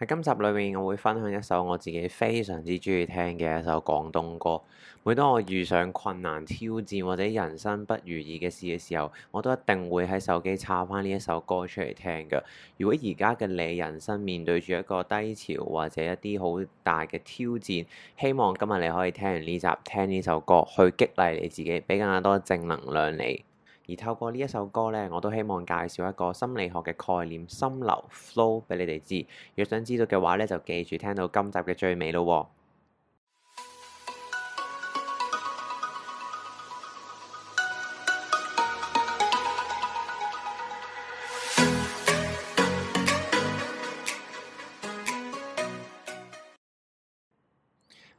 喺今集裏面，我會分享一首我自己非常之中意聽嘅一首廣東歌。每當我遇上困難、挑戰或者人生不如意嘅事嘅時候，我都一定會喺手機插翻呢一首歌出嚟聽嘅。如果而家嘅你的人生面對住一個低潮或者一啲好大嘅挑戰，希望今日你可以聽完呢集，聽呢首歌去激勵你自己，俾更加多正能量你。而透過呢一首歌呢，我都希望介紹一個心理學嘅概念——心流 （flow）—— 畀你哋知。若想知道嘅話呢，就記住聽到今集嘅最尾咯。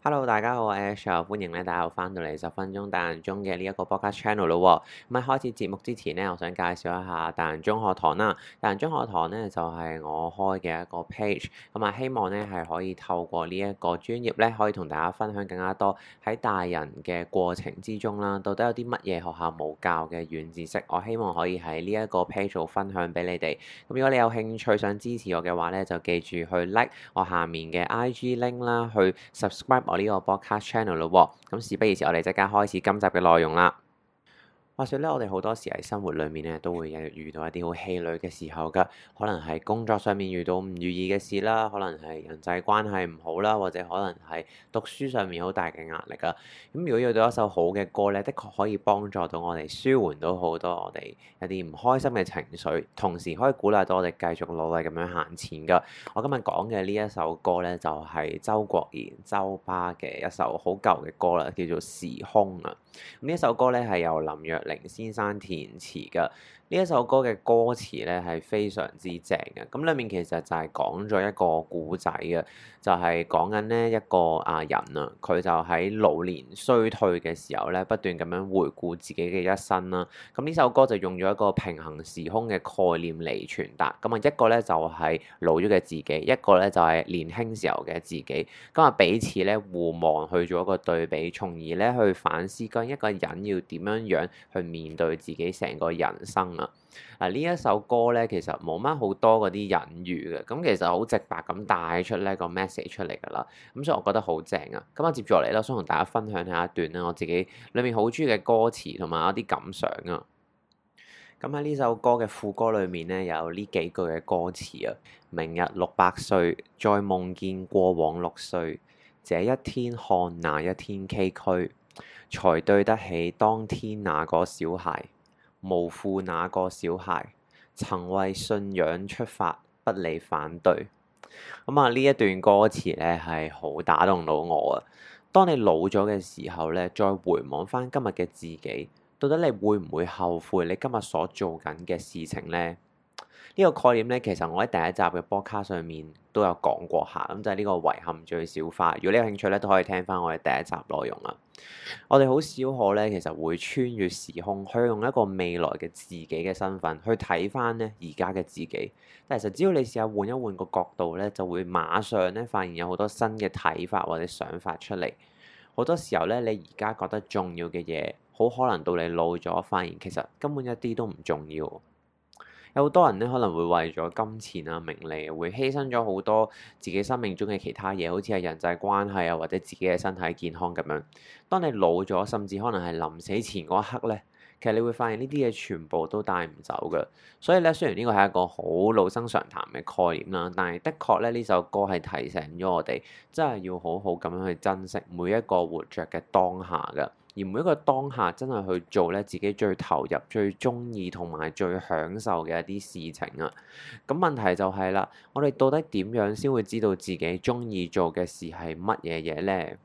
Hello，大家好，我係 Ash，e 歡迎咧大家翻到嚟十分鐘大人中嘅呢一個播客 channel 咯。咁喺開始節目之前咧，我想介紹一下大人中學堂啦。大人中學堂咧就係我開嘅一個 page，咁啊希望咧係可以透過呢一個專業咧，可以同大家分享更加多喺大人嘅過程之中啦，到底有啲乜嘢學校冇教嘅軟知識，我希望可以喺呢一個 page 度分享俾你哋。咁如果你有興趣想支持我嘅話咧，就記住去 like 我下面嘅 IG link 啦，去 subscribe。呢個 podcast channel 咯喎。咁事不宜遲，我哋即刻開始今集嘅內容啦。話説咧，我哋好多時喺生活裏面咧，都會有遇到一啲好氣餒嘅時候噶，可能係工作上面遇到唔如意嘅事啦，可能係人際關係唔好啦，或者可能係讀書上面好大嘅壓力啊。咁如果遇到一首好嘅歌咧，的確可以幫助到我哋舒緩到好多我哋有啲唔開心嘅情緒，同時可以鼓勵到我哋繼續努力咁樣行前噶。我今日講嘅呢一首歌咧，就係周國賢、周巴嘅一首好舊嘅歌啦，叫做《時空》啊。呢一首歌咧，係由林若林先生填詞嘅。呢一首歌嘅歌詞咧係非常之正嘅，咁裏面其實就係講咗一個古仔嘅，就係講緊呢一個阿人啊，佢就喺老年衰退嘅時候咧不斷咁樣回顧自己嘅一生啦。咁呢首歌就用咗一個平衡時空嘅概念嚟傳達，咁啊一個咧就係老咗嘅自己，一個咧就係年輕時候嘅自己，咁啊彼此咧互望去做一個對比，從而咧去反思緊一個人要點樣樣去面對自己成個人生啊。嗱呢一首歌咧，其實冇乜好多嗰啲隱喻嘅，咁其實好直白咁帶出呢個 message 出嚟噶啦，咁所以我覺得好正啊。咁啊，接住落嚟咯，想同大家分享下一段咧，我自己裏面好鍾意嘅歌詞同埋一啲感想啊。咁喺呢首歌嘅副歌裏面咧，有呢幾句嘅歌詞啊：明日六百歲，再夢見過往六歲，這一天看那一天崎嶇，才對得起當天那個小孩。無負那個小孩，曾為信仰出發，不理反對。咁啊，呢一段歌詞咧係好打動到我啊！當你老咗嘅時候咧，再回望翻今日嘅自己，到底你會唔會後悔你今日所做緊嘅事情呢？呢個概念咧，其實我喺第一集嘅播客上面都有講過下。咁就係呢個遺憾最小化。如果你有興趣咧，都可以聽翻我嘅第一集內容啦。我哋好少可咧，其實會穿越時空，去用一個未來嘅自己嘅身份去睇翻咧而家嘅自己。但其實只要你試下換一換個角度咧，就會馬上咧發現有好多新嘅睇法或者想法出嚟。好多時候咧，你而家覺得重要嘅嘢，好可能到你老咗，發現其實根本一啲都唔重要。有好多人咧，可能會為咗金錢啊、名利，會犧牲咗好多自己生命中嘅其他嘢，好似係人際關係啊，或者自己嘅身體健康咁樣。當你老咗，甚至可能係臨死前嗰一刻咧，其實你會發現呢啲嘢全部都帶唔走嘅。所以咧，雖然呢個係一個好老生常談嘅概念啦，但係的確咧，呢首歌係提醒咗我哋，真係要好好咁樣去珍惜每一個活著嘅當下㗎。而每一個當下真係去做咧，自己最投入、最中意同埋最享受嘅一啲事情啊！咁問題就係啦，我哋到底點樣先會知道自己中意做嘅事係乜嘢嘢呢？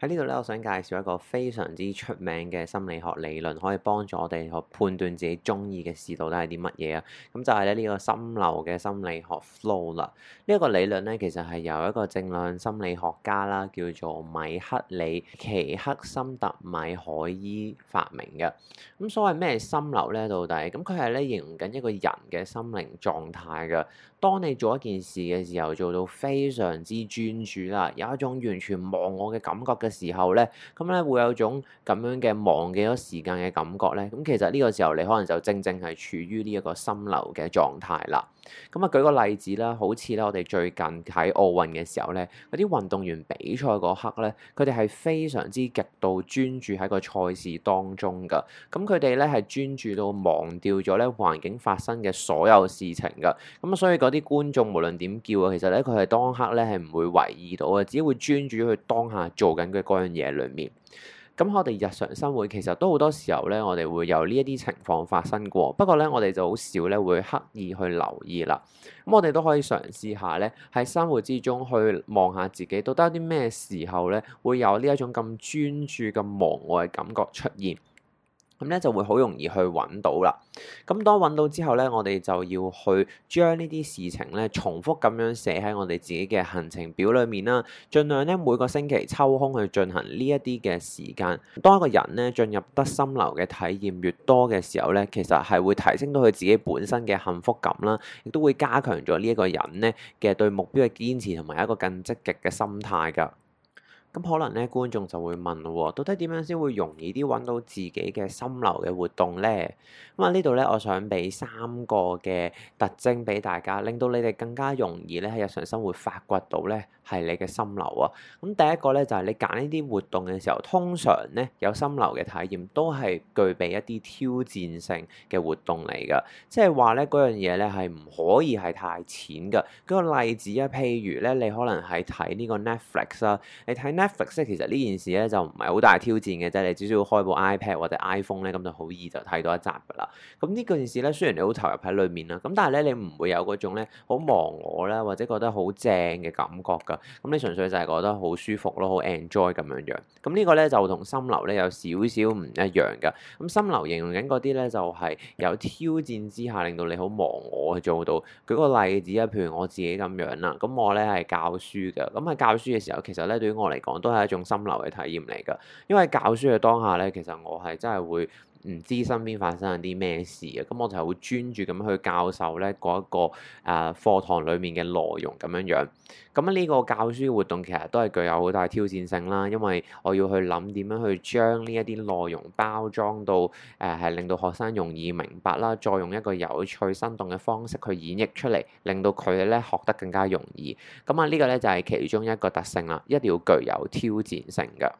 喺呢度咧，我想介紹一個非常之出名嘅心理學理論，可以幫助我哋去判斷自己中意嘅事到底係啲乜嘢啊。咁就係咧，呢個心流嘅心理學 flow 啦。呢一個理論咧，其實係由一個正量心理學家啦，叫做米克里奇克森特米海伊發明嘅。咁所謂咩心流咧，到底？咁佢係咧形容緊一個人嘅心靈狀態嘅。當你做一件事嘅時候，做到非常之專注啦，有一種完全忘我嘅感覺嘅。時候咧，咁咧會有種咁樣嘅忘記咗時間嘅感覺咧。咁其實呢個時候你可能就正正係處於呢一個心流嘅狀態啦。咁啊，舉個例子啦，好似咧我哋最近喺奧運嘅時候咧，嗰啲運動員比賽嗰刻咧，佢哋係非常之極度專注喺個賽事當中噶。咁佢哋咧係專注到忘掉咗咧環境發生嘅所有事情噶。咁啊，所以嗰啲觀眾無論點叫啊，其實咧佢係當刻咧係唔會懷疑到嘅，只會專注去當下做緊嘅嗰樣嘢裏面，咁我哋日常生活其實都好多時候咧，我哋會有呢一啲情況發生過。不過咧，我哋就好少咧會刻意去留意啦。咁我哋都可以嘗試下咧，喺生活之中去望下自己，到底有啲咩時候咧會有呢一種咁專注、咁忘我嘅感覺出現。咁咧就會好容易去揾到啦。咁當揾到之後咧，我哋就要去將呢啲事情咧，重複咁樣寫喺我哋自己嘅行程表裏面啦。儘量咧每個星期抽空去進行呢一啲嘅時間。當一個人咧進入得心流嘅體驗越多嘅時候咧，其實係會提升到佢自己本身嘅幸福感啦，亦都會加強咗呢一個人咧嘅對目標嘅堅持同埋一個更積極嘅心態㗎。咁可能咧，觀眾就會問喎，到底點樣先會容易啲揾到自己嘅心流嘅活動咧？咁啊，呢度咧，我想俾三個嘅特徵俾大家，令到你哋更加容易咧喺日常生活發掘到咧係你嘅心流啊。咁第一個咧就係你揀呢啲活動嘅時候，通常咧有心流嘅體驗都係具備一啲挑戰性嘅活動嚟嘅，即係話咧樣嘢咧係唔可以係太淺嘅。舉個例子啊，譬如咧你可能係睇呢個 Netflix 啊，你睇 Netflix 其實呢件事咧就唔係好大挑戰嘅啫，你只需要開部 iPad 或者 iPhone 咧，咁就好易就睇到一集噶啦。咁呢件事咧雖然你好投入喺裏面啦，咁但係咧你唔會有嗰種咧好忘我啦，或者覺得好正嘅感覺噶。咁你純粹就係覺得好舒服咯，好 enjoy 咁樣樣。咁呢個咧就同心流咧有少少唔一樣噶。咁心流形容緊嗰啲咧就係有挑戰之下令到你好忘我去做到。舉個例子啊，譬如我自己咁樣啦，咁我咧係教書嘅。咁喺教書嘅時候，其實咧對於我嚟講，都係一種心流嘅體驗嚟㗎，因為教書嘅當下咧，其實我係真係會。唔知身邊發生緊啲咩事啊，咁我就係好專注咁去教授咧嗰一個誒課堂裡面嘅內容咁樣樣。咁呢個教書活動其實都係具有好大挑戰性啦，因為我要去諗點樣去將呢一啲內容包裝到誒係、呃、令到學生容易明白啦，再用一個有趣生動嘅方式去演繹出嚟，令到佢哋咧學得更加容易。咁啊呢個咧就係、是、其中一個特性啦，一定要具有挑戰性嘅。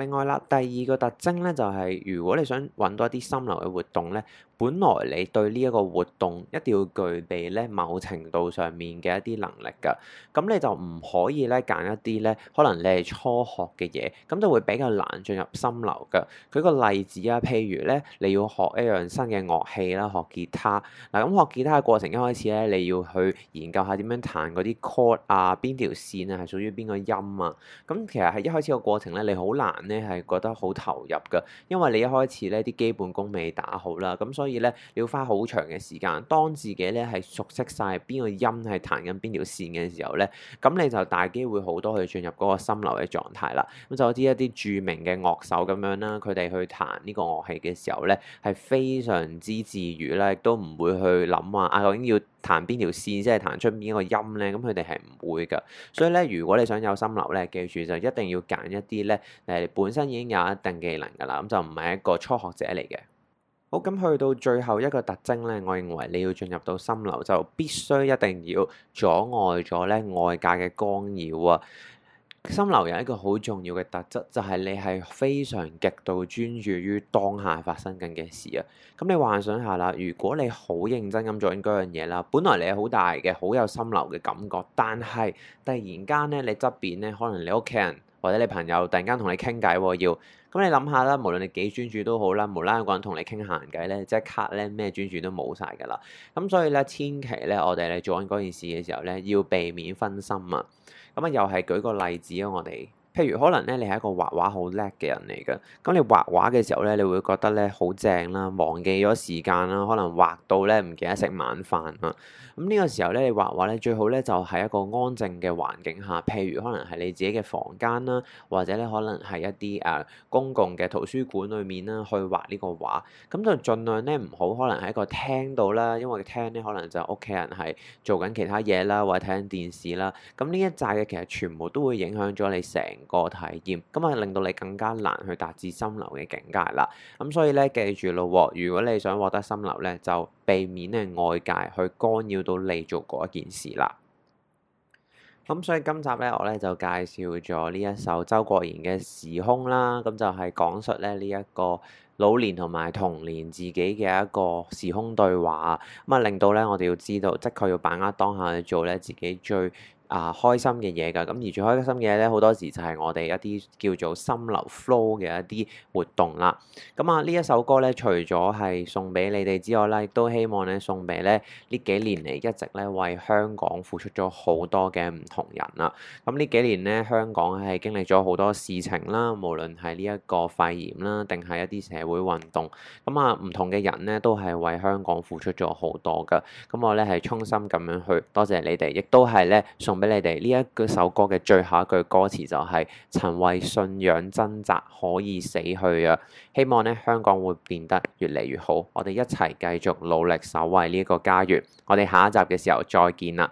另外啦，第二個特徵咧，就係如果你想揾到一啲心流嘅活動咧，本來你對呢一個活動一定要具備咧某程度上面嘅一啲能力噶，咁你就唔可以咧揀一啲咧可能你係初學嘅嘢，咁就會比較難進入心流噶。舉個例子啊，譬如咧你要學一樣新嘅樂器啦，學吉他嗱，咁學吉他嘅過程一開始咧，你要去研究下點樣彈嗰啲 chord 啊，邊條線啊係屬於邊個音啊，咁其實喺一開始個過程咧，你好難。你係覺得好投入噶，因為你一開始咧啲基本功未打好啦，咁所以咧要花好長嘅時間。當自己咧係熟悉晒邊個音係彈緊邊條線嘅時候咧，咁你就大機會好多去進入嗰個心流嘅狀態啦。咁就好似一啲著名嘅樂手咁樣啦，佢哋去彈呢個樂器嘅時候咧，係非常之自如啦，亦都唔會去諗話啊究竟要，彈邊條線即係彈出邊個音咧？咁佢哋係唔會㗎。所以咧，如果你想有心流咧，記住就一定要揀一啲咧，誒本身已經有一定技能㗎啦。咁就唔係一個初學者嚟嘅。好咁，去到最後一個特徵咧，我認為你要進入到心流就必須一定要阻礙咗咧外界嘅干擾啊！心流有一個好重要嘅特質，就係你係非常極度專注於當下發生緊嘅事啊！咁你幻想下啦，如果你好認真咁做緊嗰樣嘢啦，本來你係好大嘅、好有心流嘅感覺，但係突然間咧，你側邊咧可能你屋企人或者你朋友突然間同你傾偈要，咁你諗下啦，無論你幾專注都好啦，無啦一個人同你傾閒偈咧，即刻咧咩專注都冇晒噶啦！咁所以咧，千祈咧，我哋咧做緊嗰件事嘅時候咧，要避免分心啊！咁啊，又係舉個例子啊，我哋。譬如可能咧，你係一個畫畫好叻嘅人嚟嘅，咁你畫畫嘅時候咧，你會覺得咧好正啦，忘記咗時間啦，可能畫到咧唔記得食晚飯啊。咁呢個時候咧，你畫畫咧最好咧就喺一個安靜嘅環境下，譬如可能係你自己嘅房間啦，或者咧可能係一啲誒公共嘅圖書館裏面啦，去畫呢個畫。咁就盡量咧唔好可能喺個廳度啦，因為個廳咧可能就屋企人係做緊其他嘢啦，或者睇緊電視啦。咁呢一紮嘅其實全部都會影響咗你成個體驗咁啊，令到你更加難去達至心流嘅境界啦。咁所以咧，記住咯，如果你想獲得心流咧，就避免咧外界去干擾到你做嗰一件事啦。咁、嗯、所以今集咧，我咧就介紹咗呢一首周國賢嘅《時空》啦。咁就係、是、講述咧呢一個老年同埋童年自己嘅一個時空對話。咁啊，令到咧我哋要知道，即係要把握當下去做咧自己最。啊，開心嘅嘢㗎，咁而最開心嘅嘢咧，好多時就係我哋一啲叫做心流 flow 嘅一啲活動啦。咁啊，呢一首歌咧，除咗係送俾你哋之外咧，亦都希望咧送俾咧呢幾年嚟一直咧為香港付出咗好多嘅唔同人啦。咁呢幾年咧，香港係經歷咗好多事情啦，無論係呢一個肺炎啦，定係一啲社會運動，咁啊唔同嘅人咧都係為香港付出咗好多㗎。咁我咧係衷心咁樣去多謝你哋，亦都係咧送，俾你哋呢一首歌嘅最後一句歌詞就係：曾為信仰掙扎可以死去啊！希望咧香港會變得越嚟越好，我哋一齊繼續努力守衞呢個家園。我哋下一集嘅時候再見啦！